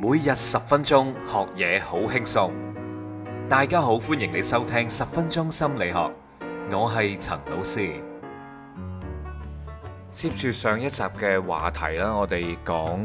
每日十分鐘學嘢好輕鬆，大家好，歡迎你收聽十分鐘心理學，我係陳老師。接住上一集嘅話題啦，我哋講。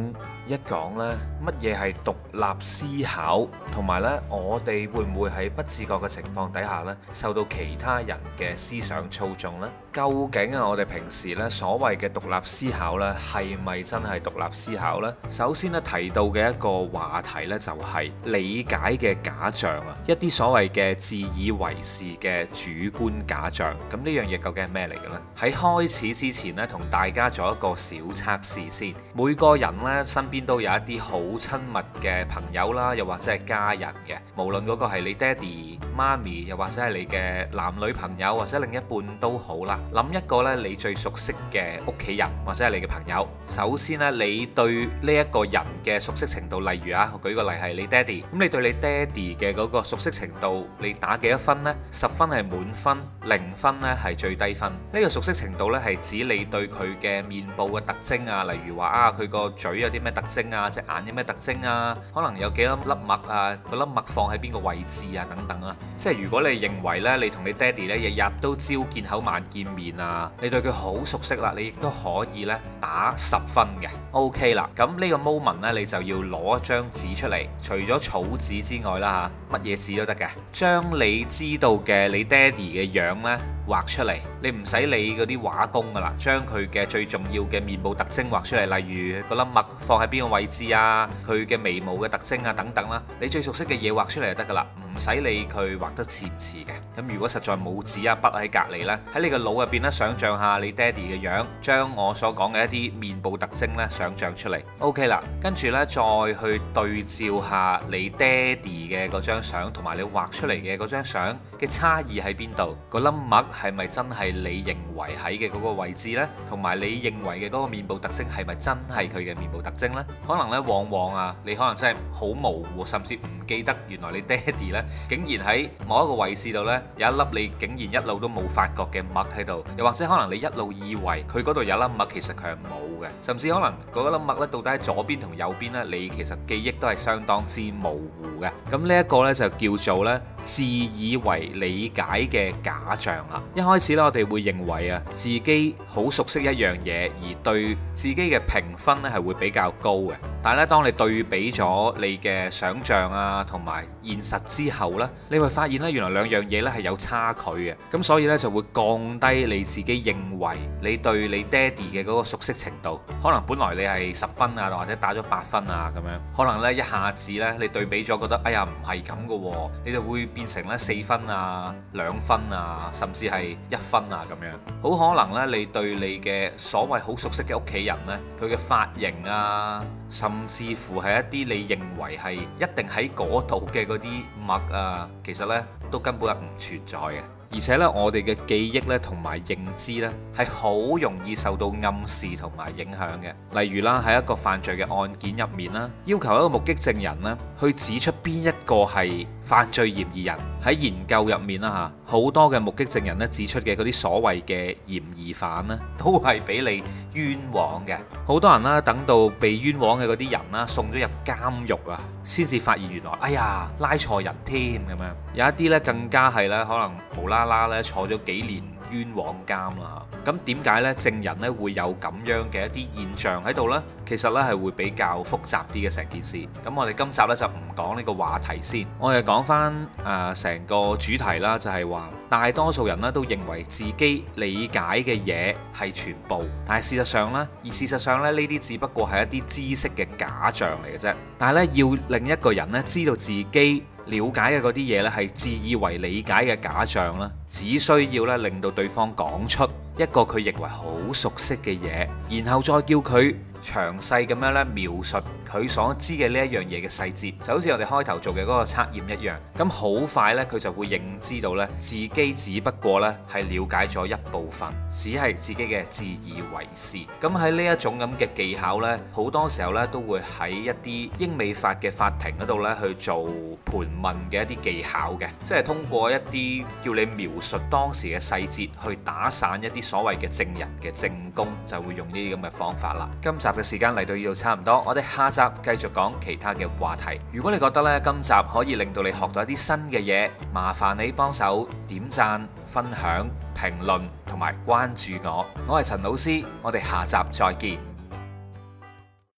一講呢，乜嘢係獨立思考，同埋呢，我哋會唔會喺不自覺嘅情況底下呢，受到其他人嘅思想操縱呢？究竟啊，我哋平時呢，所謂嘅獨立思考呢，係咪真係獨立思考呢？首先呢，提到嘅一個話題呢，就係理解嘅假象啊，一啲所謂嘅自以為是嘅主觀假象。咁呢樣嘢究竟係咩嚟嘅呢？喺開始之前呢，同大家做一個小測試先，每個人呢，身邊都有一啲好親密嘅朋友啦，又或者係家人嘅。無論嗰個係你爹哋媽咪，又或者係你嘅男女朋友或者另一半都好啦。諗一個咧，你最熟悉嘅屋企人或者係你嘅朋友。首先呢，你對呢一個人嘅熟悉程度，例如啊，我舉個例係你爹哋。咁你對你爹哋嘅嗰個熟悉程度，你打幾多分呢？十分係滿分，零分呢係最低分。呢個熟悉程度呢，係指你對佢嘅面部嘅特徵啊，例如話啊，佢個嘴有啲咩特？隻眼有咩特徵啊？可能有幾粒粒癦啊，嗰粒癦放喺邊個位置啊？等等啊，即係如果你認為呢，你同你爹哋呢日日都朝見口晚見面啊，你對佢好熟悉啦，你亦、okay、都可以呢打十分嘅。O K 啦，咁呢個 moment 呢，你就要攞張紙出嚟，除咗草紙之外啦嚇，乜嘢紙都得嘅。將你知道嘅你爹哋嘅樣呢。畫出嚟，你唔使理嗰啲畫工噶啦，將佢嘅最重要嘅面部特徵畫出嚟，例如個粒癦放喺邊個位置啊，佢嘅眉毛嘅特徵啊等等啦，你最熟悉嘅嘢畫出嚟就得噶啦。唔使理佢畫得似唔似嘅，咁如果實在冇紙啊筆喺隔離咧，喺你個腦入邊咧想象下你爹哋嘅樣，將我所講嘅一啲面部特徵咧想象出嚟。OK 啦，跟住咧再去對照下你爹哋嘅張相，同埋你畫出嚟嘅張相嘅差異喺邊度？嗰粒癦係咪真係你認為喺嘅嗰個位置咧？同埋你認為嘅嗰個面部特徵係咪真係佢嘅面部特徵咧？可能咧往往啊，你可能真係好模糊，甚至唔記得原來你爹哋咧。竟然喺某一個位置度呢，有一粒你竟然一路都冇發覺嘅物喺度，又或者可能你一路以為佢嗰度有一粒物，其實佢係冇嘅，甚至可能嗰粒物呢到底喺左邊同右邊呢，你其實記憶都係相當之模糊嘅。咁呢一個呢，就叫做呢自以為理解嘅假象喇。一開始呢，我哋會認為啊，自己好熟悉一樣嘢，而對自己嘅評分呢係會比較高嘅。但係咧，當你對比咗你嘅想像啊，同埋現實之後呢，你會發現咧，原來兩樣嘢咧係有差距嘅。咁所以呢，就會降低你自己認為你對你爹哋嘅嗰個熟悉程度。可能本來你係十分啊，或者打咗八分啊咁樣，可能呢一下子呢，你對比咗覺得，哎呀唔係咁嘅，你就會變成呢四分啊、兩分啊，甚至係一分啊咁樣。好可能呢，你對你嘅所謂好熟悉嘅屋企人呢，佢嘅髮型啊～甚至乎係一啲你認為係一定喺嗰度嘅嗰啲物啊，其實呢都根本係唔存在嘅。而且呢，我哋嘅記憶呢，同埋認知呢，係好容易受到暗示同埋影響嘅。例如啦，喺一個犯罪嘅案件入面啦，要求一個目擊證人呢去指出邊一個係犯罪嫌疑人。喺研究入面啦嚇，好多嘅目擊證人咧指出嘅嗰啲所謂嘅嫌疑犯咧，都係俾你冤枉嘅。好多人啦，等到被冤枉嘅嗰啲人啦，送咗入監獄啊，先至發現原來，哎呀，拉錯人添咁樣。有一啲咧更加係啦，可能無啦啦咧坐咗幾年。冤枉監啊，嚇，咁點解呢？證人呢會有咁樣嘅一啲現象喺度呢？其實呢係會比較複雜啲嘅成件事。咁我哋今集呢，就唔講呢個話題先，我哋講翻誒成個主題啦，就係話大多數人呢都認為自己理解嘅嘢係全部，但係事實上呢，而事實上呢，呢啲只不過係一啲知識嘅假象嚟嘅啫。但係呢，要令一個人呢，知道自己了解嘅嗰啲嘢咧，係自以為理解嘅假象啦。只需要咧令到對方講出一個佢認為好熟悉嘅嘢，然後再叫佢詳細咁樣咧描述佢所知嘅呢一樣嘢嘅細節，就好似我哋開頭做嘅嗰個測驗一樣。咁好快呢，佢就會認知到呢，自己只不過呢係了解咗一部分，只係自己嘅自以為是。咁喺呢一種咁嘅技巧呢，好多時候呢都會喺一啲英美法嘅法庭嗰度呢去做盤問嘅一啲技巧嘅，即係通過一啲叫你描述當時嘅細節，去打散一啲所謂嘅證人嘅證供，就會用呢啲咁嘅方法啦。今集嘅時間嚟到呢度差唔多，我哋下集繼續講其他嘅話題。如果你覺得呢今集可以令到你學到一啲新嘅嘢，麻煩你幫手點讚、分享、評論同埋關注我。我係陳老師，我哋下集再見。